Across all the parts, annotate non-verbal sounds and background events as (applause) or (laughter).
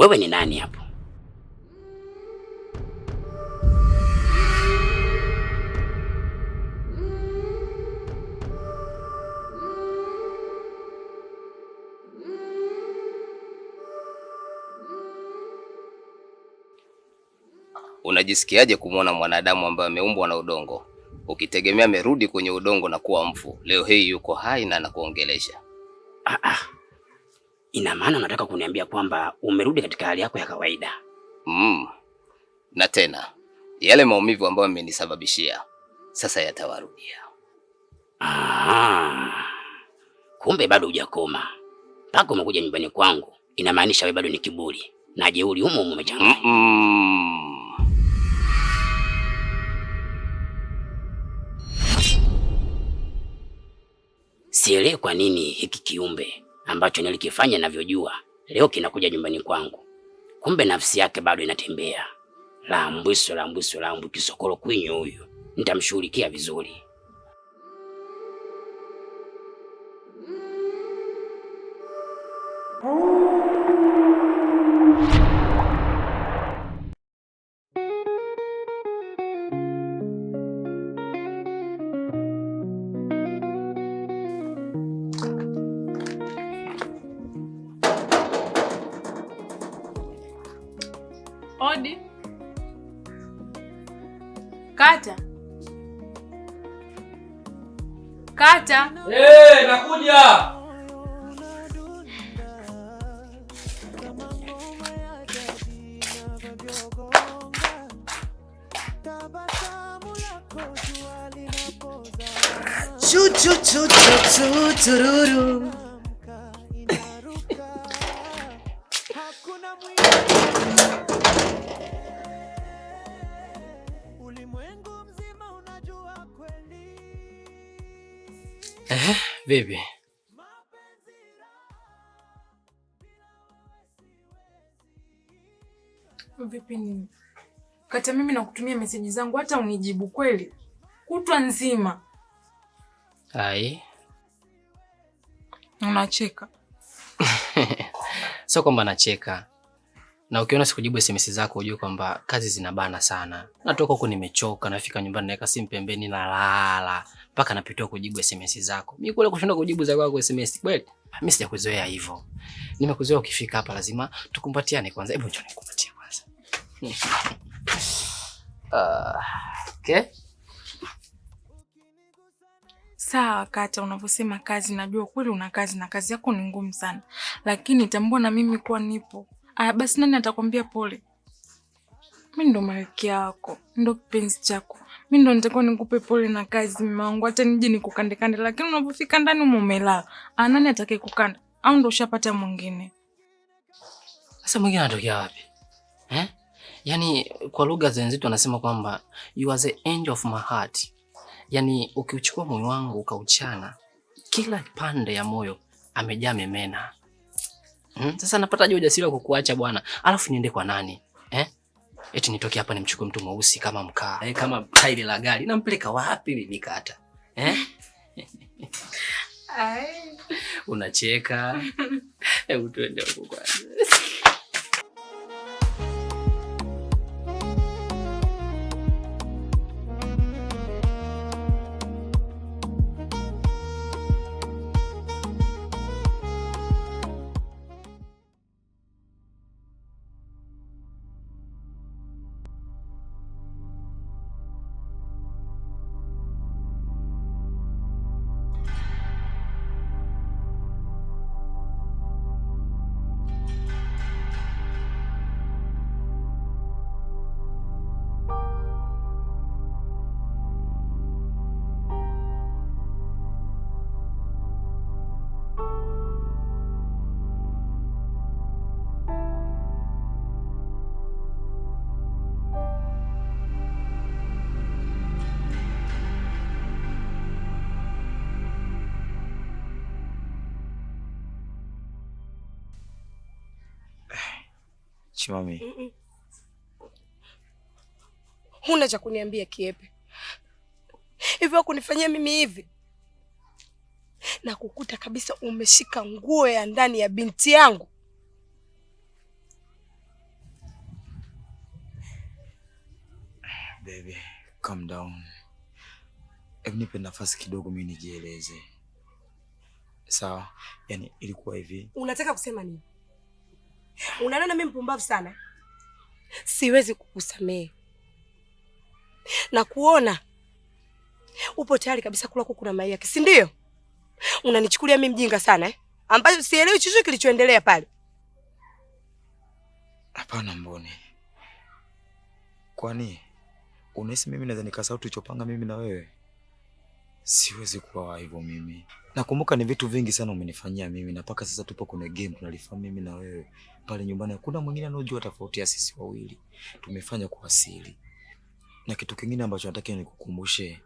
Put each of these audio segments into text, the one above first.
Wewe ni nani hapo? Unajisikiaje kumwona mwanadamu ambaye ameumbwa na udongo ukitegemea amerudi kwenye udongo na kuwa mfu, leo hii yuko hai na anakuongelesha? Ah ah. Ina maana unataka kuniambia kwamba umerudi katika hali yako ya kawaida? Mm. Na tena yale maumivu ambayo amenisababishia sasa yatawarudia. Aha. Kumbe bado hujakoma mpaka umekuja nyumbani kwangu, inamaanisha wewe bado ni kiburi na jeuri, humo humo umechanganya. mm -mm. Sielewi kwa nini hiki kiumbe ambacho nilikifanya navyojua, leo kinakuja nyumbani kwangu, kumbe nafsi yake bado inatembea. Lambwiso, lambwiso, lambwi kisokolo kwinyo huyu, nitamshughulikia vizuri. odi, kata kata. Hey, nakuja. Chu chu chu chu chu tururu Vipi? Vipi nini? Kata mimi nakutumia meseji zangu hata unijibu kweli? Kutwa nzima. Ai. Unacheka. Sio (laughs) kwamba nacheka, na ukiona sikujibu SMS zako ujue kwamba kazi zinabana sana. Natoka huko nimechoka, nafika nyumbani naweka simu pembeni na lala mpaka napitiwa kujibu SMS zako. Mimi kule kushinda kujibu za kwako SMS kweli? Mimi sijakuzoea hivyo. Nimekuzoea ukifika hapa lazima tukumbatiane kwanza. Hebu njoo nikumbatie kwanza. Uh, (laughs) okay. Sawa wakati unavyosema kazi, najua kweli una kazi na kazi yako ni ngumu sana, lakini tambua na mimi kuwa nipo Aya, basi nani atakwambia pole? Mi ndo malkia yako, ndo kipenzi chako, mi ndo nitakuwa nikupe pole na kazi wangu. hata nije nikukandekande, lakini unapofika ndani umelala. Ah, nani atakaye kukanda? Au ndo ushapata mwingine? Sasa mwingine anatokea wapi eh? Yaani kwa lugha zenzitu anasema kwamba you are the angel of my heart. Yaani ukiuchukua moyo wangu ukauchana, kila pande ya moyo amejaa memena Hmm? Sasa napataje ujasiri wa kukuacha bwana? Alafu niende kwa nani? Eh? Eti nitoke hapa nimchukue mtu mweusi kama mkaa, eh, kama tairi la gari. Nampeleka wapi mimi kata? Eh? (laughs) Ai. Unacheka. (laughs) Hebu tuende huko kwanza. Chimami. Mm -mm. Huna cha kuniambia kiepe? Hivyo kunifanyia mimi hivi na kukuta kabisa umeshika nguo ya ndani ya binti yangu. Baby, calm down. Hebu nipe nafasi kidogo mimi nijieleze. Sawa? Yaani ilikuwa hivi. Unataka kusema nini? Unanona mimi mpumbavu sana, siwezi kukusamehe na kuona upo tayari kabisa kula kuku na mayai yake, si ndio? Unanichukulia mimi mjinga sana eh? ambayo sielewi chochote kilichoendelea pale. Hapana Mboni, kwani unahisi mimi naweza nikasahau tulichopanga mimi na wewe? Siwezi kuwa hivyo mimi. Nakumbuka ni vitu vingi sana umenifanyia mimi na mpaka sasa tupo kwenye game tunalifahamu mimi na wewe. Pale nyumbani hakuna mwingine anojua tofauti ya sisi wawili. Tumefanya kwa asili. Na kitu kingine ambacho nataka nikukumbushe.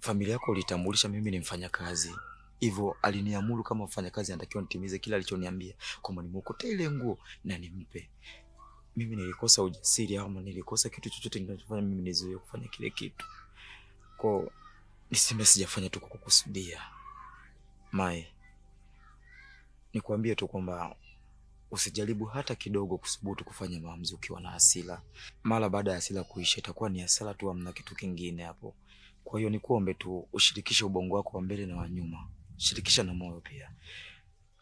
Familia yako ulitambulisha mimi ni mfanyakazi. Hivyo aliniamuru kama mfanyakazi anatakiwa nitimize kila alichoniambia kwamba nimuokote ile nguo na nimpe. Mimi nilikosa ujasiri au nilikosa kitu chochote ninachofanya mimi nizuie kufanya kile kitu. Kwa Niseme sijafanya tu kwa kukusudia. Mai, nikwambie tu kwamba usijaribu hata kidogo kusubutu kufanya maamuzi ukiwa na hasira. Mara baada ya hasira kuisha, itakuwa ni hasara tu, hamna kitu kingine hapo. Kwa hiyo nikuombe tu ushirikishe ubongo wako wa mbele na wa nyuma, shirikisha na moyo pia.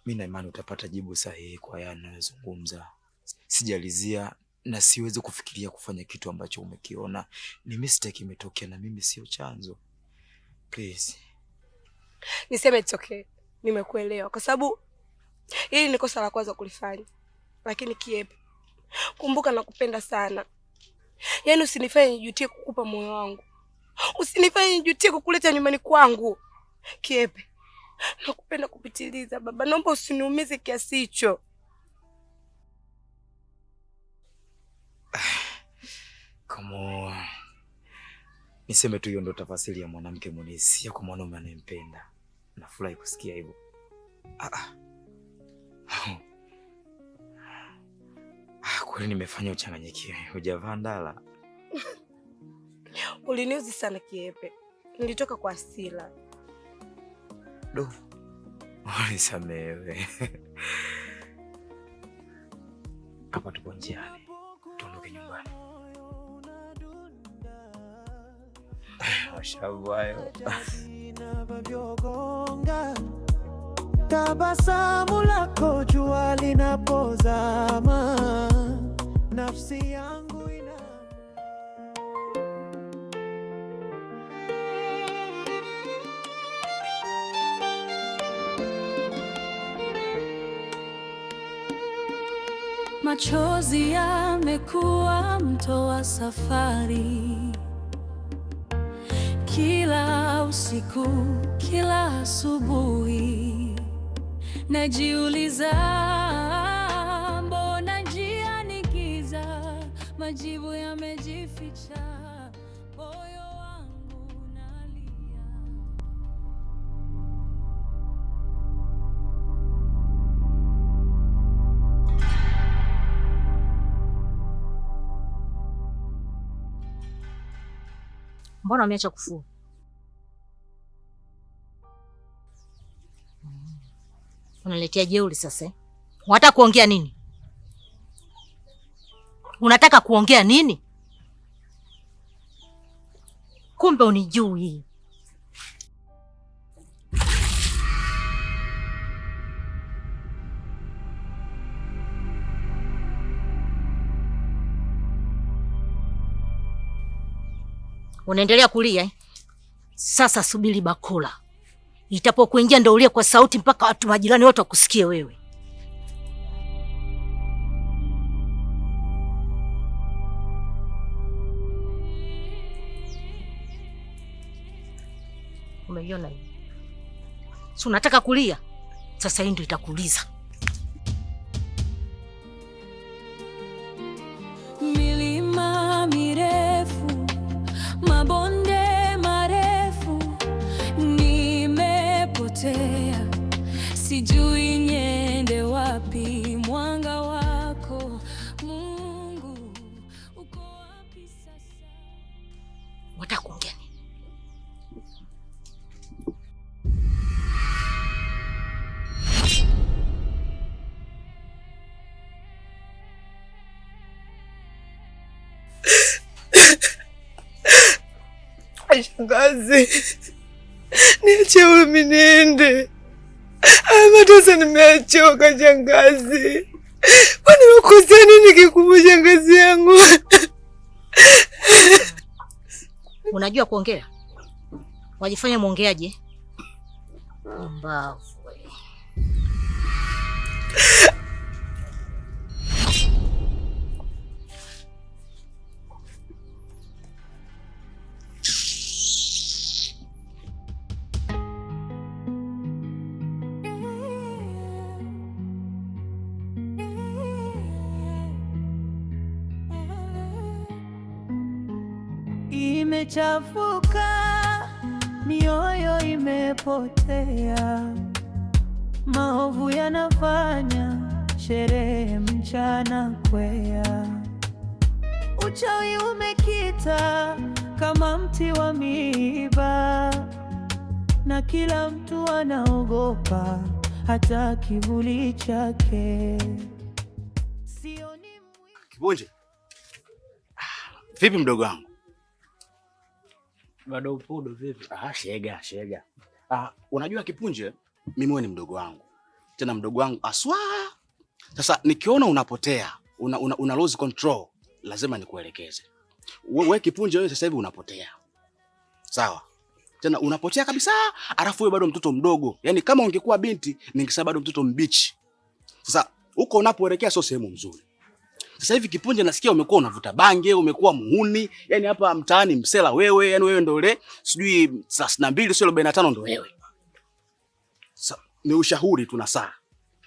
Mimi na imani utapata jibu sahihi kwa yale ninayozungumza. Sijalizia na siwezi kufikiria kufanya kitu ambacho umekiona. Ni mistake imetokea, na mimi sio chanzo. Please. Niseme it's okay. Nimekuelewa kwa sababu hili ni kosa la kwanza kulifanya, lakini kiepe, kumbuka nakupenda sana. Yaani usinifanye nijutie kukupa moyo wangu, usinifanye nijutie kukuleta nyumbani kwangu. Kiepe, nakupenda kupitiliza. Baba, naomba usiniumize kiasi hicho. (sighs) Come on. Niseme tu hiyo ndo tafasiri ya mwanamke mwenye hisia kwa mwanaume anayempenda. Nafurahi kusikia hivyo. Ah, ah, ah kweli nimefanya uchanganyikiwe. Hujavaa ndala? (laughs) Uliniuzi sana kiepe, nilitoka kwa asila do. Unisamehe. (laughs) Hapa tupo njiani, tuondoke nyumbani. mashavu hayo tabasamu lako jua linapozama nafsi yangu ina machozi yamekuwa mto wa safari kila usiku, kila asubuhi najiuliza Mbona umeacha kufua? Unaletea jeuri sasa. Eh? Unataka kuongea nini? Unataka kuongea nini? Kumbe unijui. Unaendelea kulia eh? Sasa subiri bakula, itapokuingia ndo ulie kwa sauti mpaka watu majirani wote wakusikie wewe. Umeiona? Si unataka kulia sasa, hii ndio itakuuliza. Shangazi, niache mimi niende. Haya mateso nimeachoka shangazi. Kwani nimekosea nini kikubwa shangazi yangu? Unajua kuongea? Wajifanya mwongeaje? Mbavu. imechafuka, mioyo imepotea, maovu yanafanya sherehe mchana kwea, uchawi umekita kama mti wa miiba, na kila mtu anaogopa hata kivuli chake. Sioni Kibonje. Ah, vipi mdogo wangu? Bado upodo vipi? Ah, shega shega. Ah, unajua Kipunje, mimi wewe ni mdogo wangu tena mdogo wangu aswa. Sasa nikiona unapotea una, una, una lose control, lazima nikuelekeze wewe. Kipunje, wewe sasa hivi unapotea, sawa? Tena unapotea kabisa, alafu wewe bado mtoto mdogo. Yani kama ungekuwa binti, ningesema bado mtoto mbichi. Sasa huko unapoelekea sio sehemu nzuri. Sasa hivi Kipunje, nasikia umekuwa unavuta bange, umekuwa muhuni, Yaani hapa mtaani msela wewe, yani wewe ndio ule sijui 32 sio 45 ndio wewe. Sasa ni ushauri tuna saa.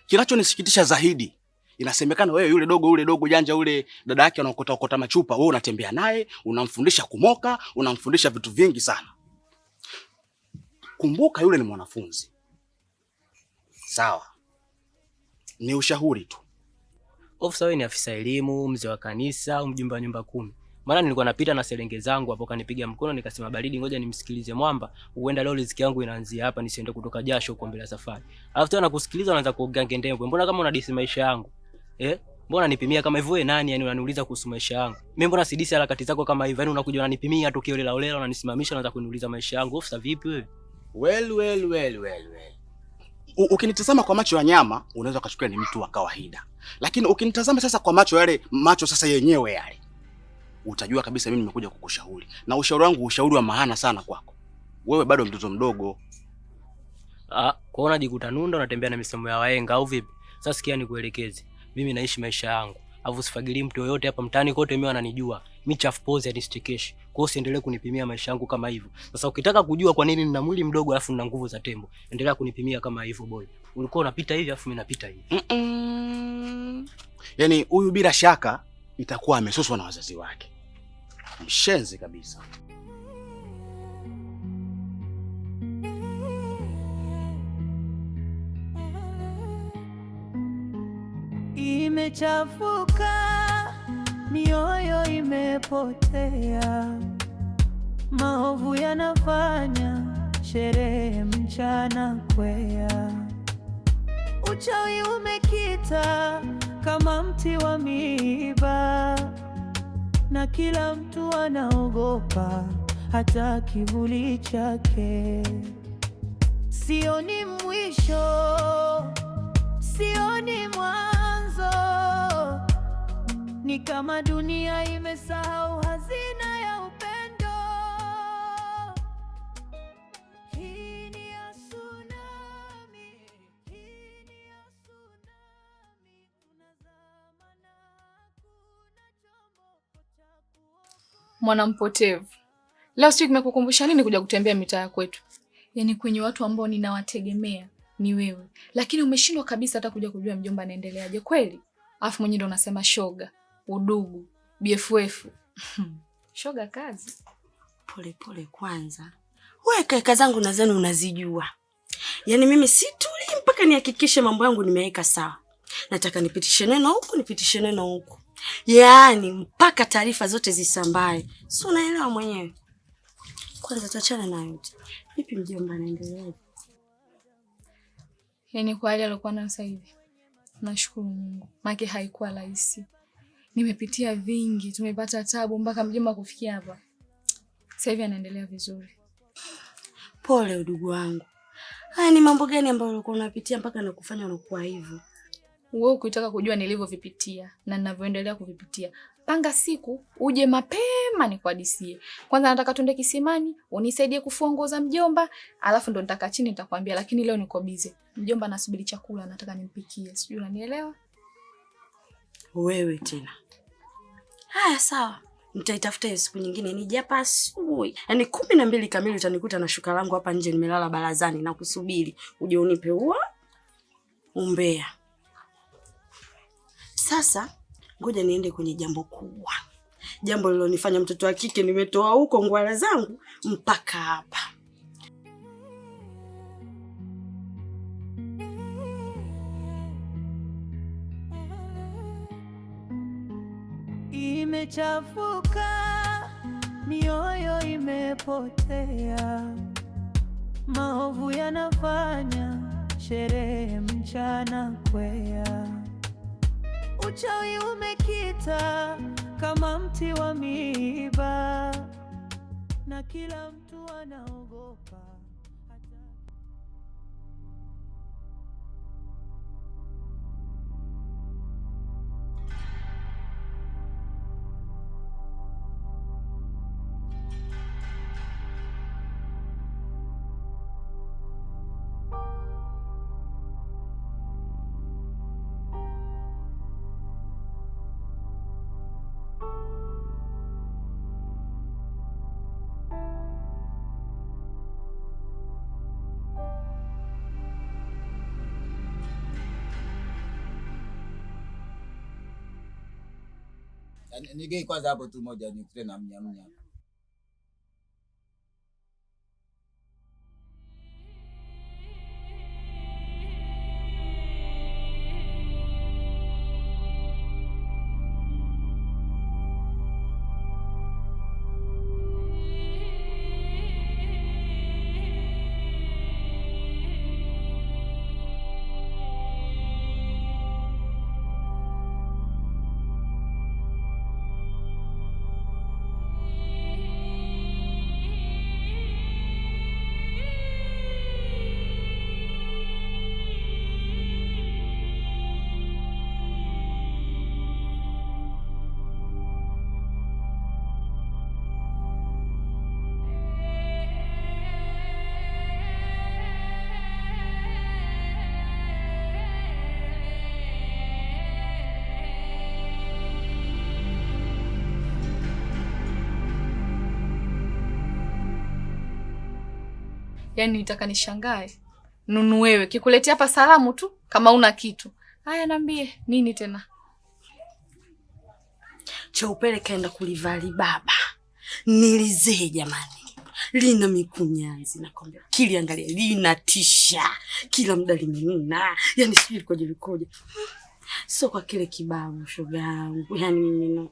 Kinachonisikitisha zaidi inasemekana wewe yule dogo yule dogo janja yule dada yake anaokota okota machupa, wewe unatembea naye, unamfundisha kumoka, unamfundisha vitu vingi sana. Kumbuka yule ni mwanafunzi. Sawa. Ni ushauri tu ofisa wewe ni afisa elimu, mzee wa kanisa au mjumbe wa nyumba kumi? Maana nilikuwa napita na selenge zangu hapo, kanipiga mkono, nikasema baridi, ngoja nimsikilize mwamba, huenda leo riziki yangu inaanzia hapa, nisiende kutoka jasho huko bila safari. Alafu tena nakusikiliza, unaanza kuongea ndembo, mbona kama unadisi maisha yangu eh? Mbona nipimia kama hivyo wewe nani? Yani unaniuliza kuhusu maisha yangu mimi, mbona sidisi harakati zako kama hivyo? Yani unakuja unanipimia tukio lela olela, unanisimamisha, unaanza kuniuliza maisha yangu. Ofisa vipi wewe? Well, well, well, well, well ukinitazama kwa macho ya nyama unaweza ukachukia ni mtu wa kawaida, lakini ukinitazama sasa kwa macho yale macho sasa yenyewe yale, utajua kabisa mimi nimekuja kukushauri, na ushauri wangu ushauri wa maana sana kwako. Wewe bado mtoto mdogo. Ah, kwaona unajikuta nunda unatembea na misemo ya wahenga au vipi? Sasa sikia, nikuelekeze. Mimi naishi maisha yangu alafu mtu yoyote hapa mtaani kote, mimi wananijua mimi chafu pose anistekeshi. Kwa hiyo siendelee kunipimia maisha yangu kama hivyo. Sasa ukitaka kujua kwa nini nina mwili mdogo alafu nina nguvu za tembo, endelea kunipimia kama hivyo boy. Ulikuwa unapita hivi alafu mimi napita hivi. Mm -mm. Yani huyu bila shaka itakuwa amesuswa na wazazi wake. Mshenzi kabisa. imechafuka, mioyo imepotea, maovu yanafanya sherehe mchana kwea, uchawi umekita kama mti wa miiba, na kila mtu anaogopa hata kivuli chake. Sioni mwisho, sioni mwisho. Ni kama dunia imesahau hazina ya upendo. Hii ni ya tsunami, hii ni ya tsunami. Unazama na chombo cha kuokoa. Mwanampotevu, leo sijui kimekukumbusha nini kuja kutembea mitaa ya kwetu, yaani kwenye watu ambao ninawategemea ni wewe, lakini umeshindwa kabisa hata kuja kujua mjomba anaendeleaje kweli, afu mwenyewe ndo unasema shoga udugu, BFF. Hmm. Shoga kazi polepole pole. Kwanza wewe kaka zangu na zenu unazijua, yaani mimi situli mpaka nihakikishe mambo yangu nimeweka sawa. Nataka nipitishe neno huku nipitishe neno huku, yaani mpaka taarifa zote zisambae, si unaelewa mwenyewe. Kwanza tuachane na yote. Vipi mjomba, anaendelea? Yaani kwa hali aliokuwa nayo sasa hivi, nashukuru Mungu, maana haikuwa rahisi nimepitia vingi, tumepata tabu mpaka mjomba kufikia hapa. Sasa hivi anaendelea vizuri. Pole udugu wangu. Haya ni mambo gani ambayo ulikuwa unapitia mpaka nakufanya unakuwa hivyo? Wewe ukitaka kujua nilivyovipitia na ninavyoendelea kuvipitia, panga siku uje mapema nikuhadisie. Kwanza nataka tuende kisimani, unisaidie kufua nguo za mjomba, alafu ndo nitakaa chini nitakwambia, lakini leo niko busy. Mjomba anasubiri chakula, nataka nimpikie. Sijui unanielewa? Wewe tena. Haya, sawa, nitaitafuta hiyo siku nyingine. Nije hapa asubuhi, yaani kumi na mbili kamili utanikuta na shuka langu hapa nje, nimelala barazani na kusubiri uje unipe huo umbea. Sasa ngoja niende kwenye jambo kubwa, jambo lilonifanya mtoto wa kike nimetoa huko ngwara zangu mpaka hapa imechafuka, mioyo imepotea, maovu yanafanya sherehe mchana kwea, uchawi umekita kama mti wa miiba, na kila mtu anaogopa. nigei kwanza hapo tu moja ni na mnyamnya Yaani nitaka nishangae. Nunu wewe kikuletea hapa salamu tu kama una kitu. Haya, niambie nini tena? Cheupele kaenda kulivali baba. Nilizee jamani. Lina mikunyanzi nakwambia, kili angalia linatisha, kila muda limenuna, yani sijui likoje likoje. So kwa kile kibabu, shoga yangu, yani mimi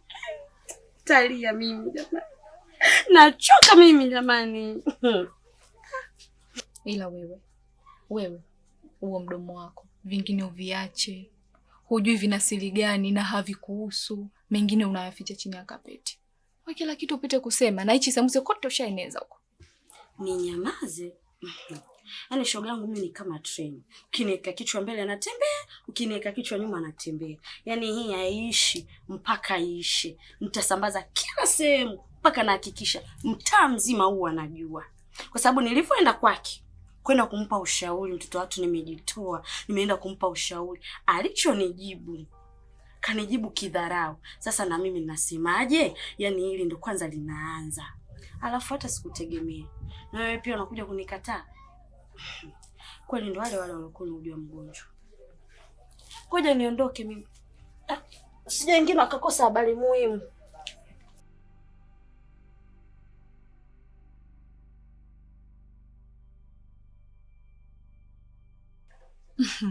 talia mimi jamani, nachoka mimi jamani (laughs) Ila wewe wewe, huo mdomo wako, vingine uviache. Hujui vina siri gani na havikuhusu, mengine unayaficha chini ya kapeti. Kwa kila kitu upite kusema, na hichi samuse kote ushaeneza huko. Ninyamaze? Yaani shoga yangu mimi ni kama treni. Ukiniweka kichwa mbele anatembea, ukiniweka kichwa nyuma anatembea. Yaani hii haiishi mpaka iishe. Mtasambaza kila sehemu mpaka nahakikisha mtaa mzima huu anajua. Kwa sababu nilipoenda kwake kwenda kumpa ushauri mtoto watu, nimejitoa nimeenda kumpa ushauri, alichonijibu kanijibu kidharau. Sasa na mimi nasemaje? Yani hili ndo kwanza linaanza, alafu hata sikutegemea na wewe pia unakuja kunikataa. (sighs) Kweli ndo wale wale walikuwa unajua mgonjwa. Ngoja niondoke mimi, ah, sijaingia wakakosa habari muhimu. (laughs)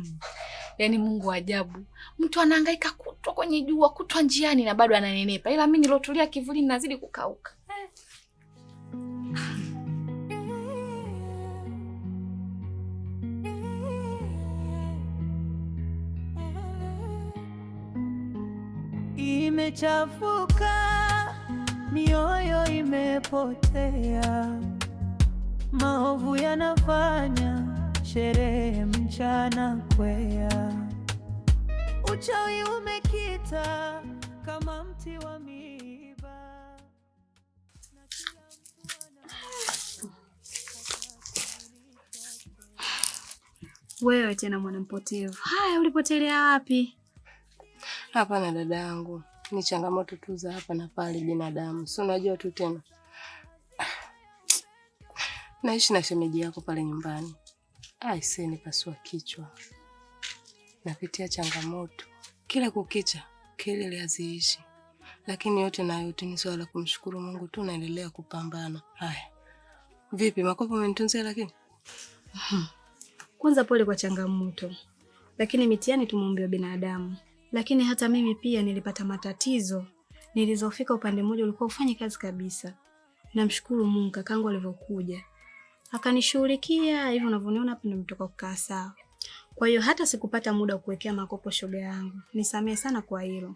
Yaani Mungu ajabu, mtu anahangaika kutwa kwenye jua kutwa njiani na bado ananenepa, ila mimi nilotulia kivulini nazidi kukauka. Imechafuka, mioyo imepotea, maovu yanafanya sherehe mchana kwea, uchawi umekita kama mti wa miiba. Wewe tena mwanampotevu, haya ulipotelea wapi? Hapana dada yangu, ni changamoto tu za hapa na pale, binadamu si unajua tu. Tena (sighs) naishi na shemeji yako pale nyumbani Aise, nipasua kichwa. Napitia changamoto kila kukicha, kelele haziishi, lakini yote na yote ni swala la kumshukuru Mungu tu. Naendelea kupambana. Haya, vipi makopo umenitunzia? Lakini hmm. kwanza pole kwa changamoto, lakini mitihani tumeumbiwa binadamu. Lakini hata mimi pia nilipata matatizo, nilizofika upande mmoja ulikuwa ufanye kazi kabisa. Namshukuru Mungu kakangu alivyokuja akanishughulikia hivyo unavyoniona hapa, ndo nimetoka kukaa sawa. Kwa hiyo hata sikupata muda wa kuwekea makopo shoga yangu, nisamehe sana kwa hilo.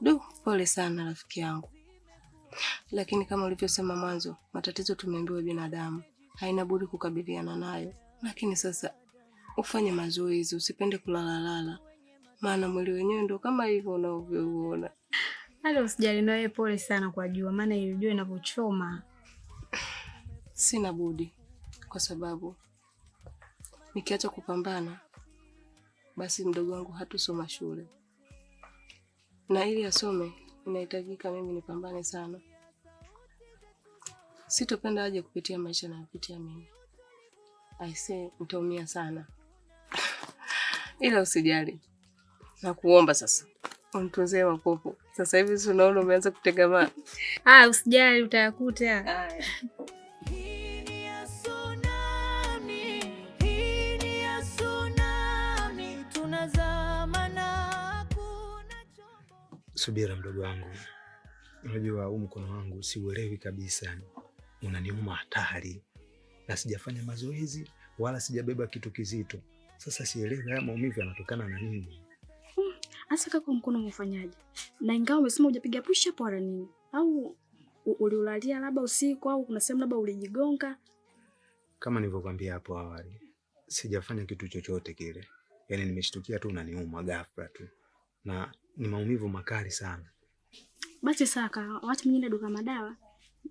Du, pole sana rafiki yangu, lakini kama ulivyosema mwanzo, matatizo tumeambiwa binadamu, haina budi kukabiliana nayo. Lakini sasa ufanye mazoezi, usipende kulalalala, maana mwili wenyewe ndo kama hivyo unavyouona. Hata usijali, nawe pole sana kwa jua, maana ilijua inavyochoma Sina budi, kwa sababu nikiacha kupambana, basi mdogo wangu hatusoma shule, na ili asome inahitajika mimi nipambane sana. Sitopenda aje kupitia maisha nayopitia mimi. aise nitaumia sana (laughs) ila usijali, nakuomba sasa unitunzie mapopo Sasa hivi si unaona umeanza kutegamana. Ah, usijali utayakuta. Subira mdogo wangu, unajua huu mkono wangu siuelewi kabisa, unaniuma hatari, na sijafanya mazoezi wala sijabeba kitu kizito. Sasa sielewi haya maumivu yanatokana na nini hasa? Kaka, mkono umefanyaje? Na ingawa umesema hujapiga push up wala nini, au uliulalia labda usiku, au kuna sehemu labda ulijigonga? Kama nilivyokwambia hapo awali, sijafanya kitu chochote kile, yaani nimeshtukia tu unaniuma ghafla tu na ni maumivu makali sana. Basi saka, wacha mimi duka madawa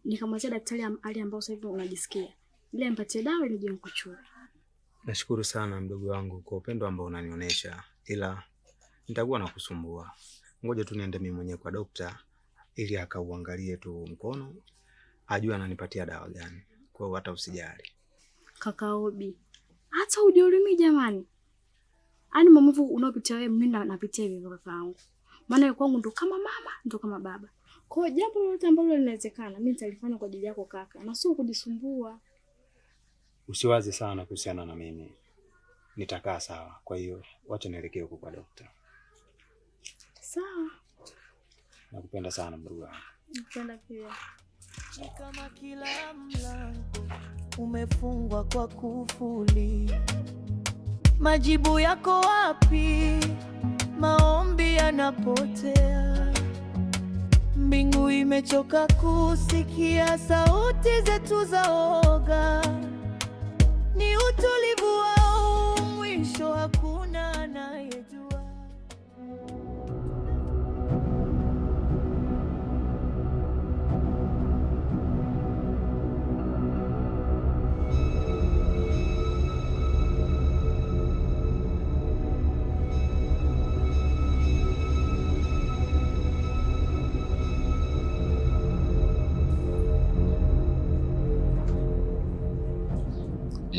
nikamwachia daktari hali ambayo sasa hivi unajisikia. Ile mpatie dawa nije nikuchukue. Nashukuru sana mdogo wangu kwa upendo ambao unanionyesha, ila nitakuwa nakusumbua. Ngoja tu niende mimi mwenyewe kwa dokta ili akauangalie tu mkono ajue ananipatia dawa gani. Kwa hiyo hata usijali. Kaka Obi, hata ujihurumie jamani. Ani maumivu unaopitia wewe mimi napitia hivyo kakaangu maana kwangu ndo kama mama ndo kama baba. Kwa hiyo jambo lolote ambalo linawezekana mimi nitalifanya kwa ajili yako kaka, na sio kujisumbua. Usiwaze sana kuhusiana na mimi, nitakaa sawa. Kwa hiyo wacha nielekee huko kwa daktari. Sawa, nakupenda sana mdogo wangu. Nakupenda pia. Kama kila mlango umefungwa kwa kufuli, majibu yako wapi? maombi yanapotea. Mbingu imechoka kusikia sauti zetu za oga ni utulivu wao, mwisho hakuna.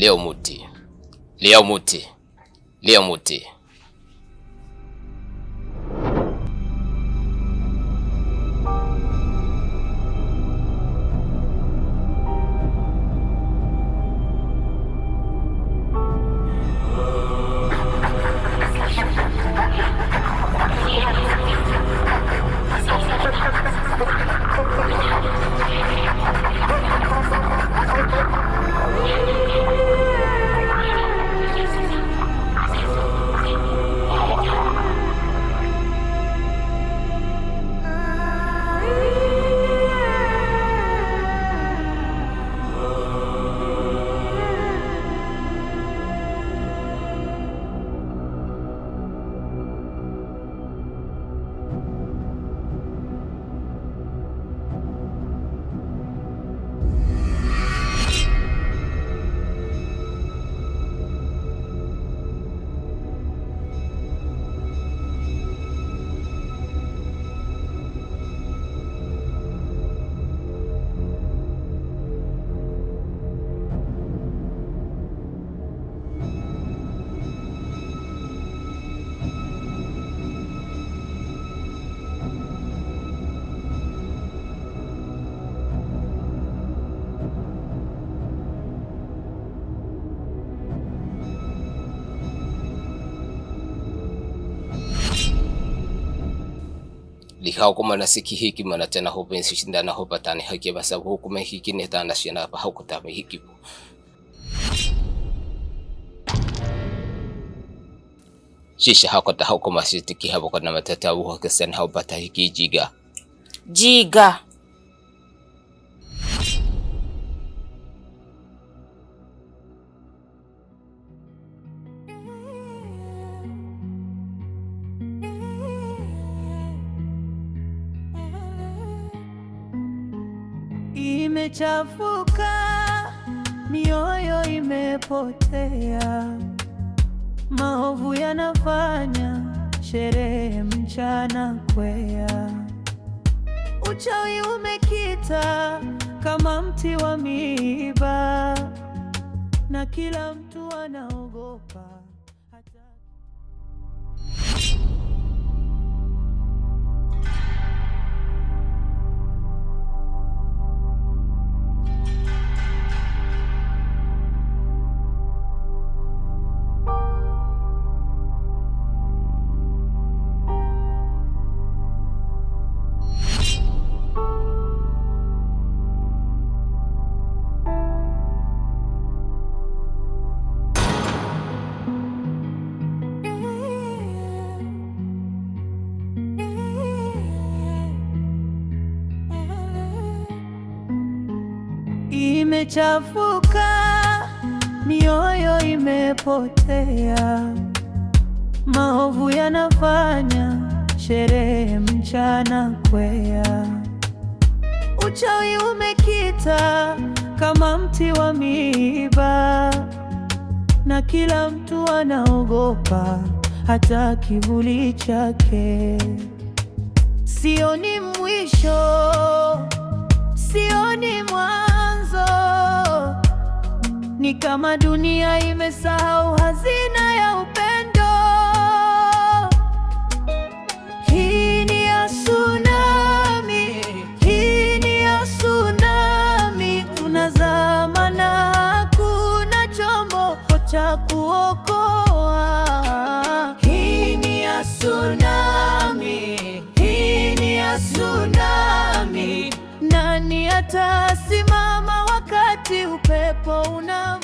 leo muti, leo muti, leo muti. liha kuma na siki hiki mana tena hobe shinda na hoba tani haki basa hukuma hiki ne tana shina ba hakuta me hiki bu shisha hakuta hukuma sitiki habo kana matata uha kesen hoba ta hiki jiga jiga imechafuka, mioyo imepotea, maovu yanafanya sherehe mchana kwea, uchawi umekita kama mti wa miiba, na kila mtu anaogopa hata imechafuka, mioyo imepotea, maovu yanafanya sherehe mchana kwea, uchawi umekita kama mti wa miiba, na kila mtu anaogopa hata kivuli chake. Sioni mwisho, sioni mwa ni kama dunia imesahau hazina ya upendo. Hii ni ya tsunami, hii ni ya tsunami. Tunazama na hakuna chombo cha kuokoa. Hii ni ya tsunami, hii ni ya tsunami. Nani atasimama wakati unapo una